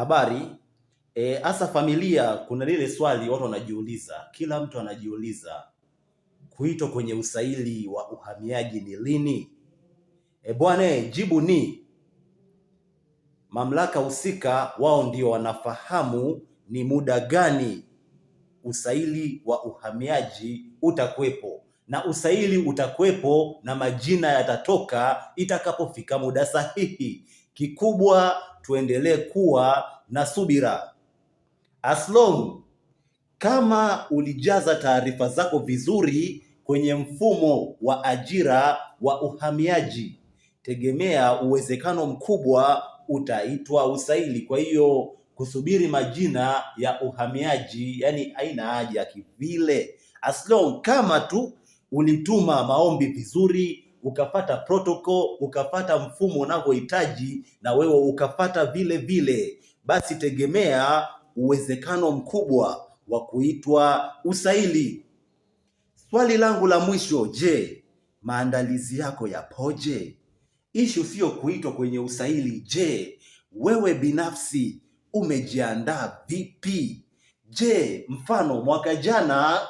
habari e, hasa e, familia, kuna lile swali watu wanajiuliza, kila mtu anajiuliza, kuitwa kwenye usaili wa uhamiaji ni lini? E, bwana, jibu ni mamlaka husika, wao ndio wanafahamu ni muda gani usaili wa uhamiaji utakuwepo, na usaili utakuwepo na majina yatatoka itakapofika muda sahihi. Kikubwa tuendelee kuwa na subira. As long kama ulijaza taarifa zako vizuri kwenye mfumo wa ajira wa uhamiaji, tegemea uwezekano mkubwa utaitwa usaili. Kwa hiyo kusubiri majina ya uhamiaji, yani aina haja kivile, as long kama tu ulituma maombi vizuri ukafata protocol, ukafata mfumo unavyohitaji na wewe ukafata vile vile, basi tegemea uwezekano mkubwa wa kuitwa usaili. Swali langu la mwisho, je, maandalizi yako yapoje? Ishu sio kuitwa kwenye usaili. Je, wewe binafsi umejiandaa vipi? Je, mfano mwaka jana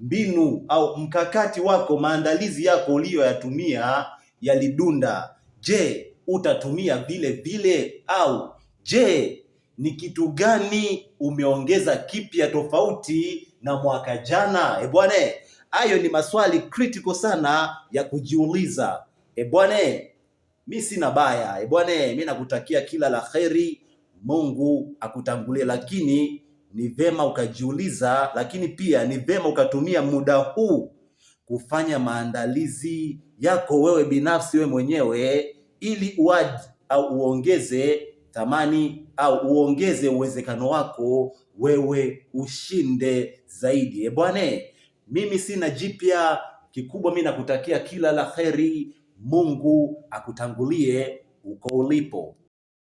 mbinu au mkakati wako, maandalizi yako uliyoyatumia yalidunda. Je, utatumia vile vile au je, ni kitu gani umeongeza kipya tofauti na mwaka jana? E bwana, hayo ni maswali critical sana ya kujiuliza. E bwana, mi sina baya. E bwana, mi nakutakia kila la kheri, Mungu akutangulie, lakini ni vema ukajiuliza, lakini pia ni vema ukatumia muda huu kufanya maandalizi yako wewe binafsi, wewe mwenyewe, ili uad au uongeze thamani au uongeze uwezekano wako wewe ushinde zaidi. E bwana, mimi sina jipya kikubwa, mimi nakutakia kila la heri. Mungu akutangulie uko ulipo.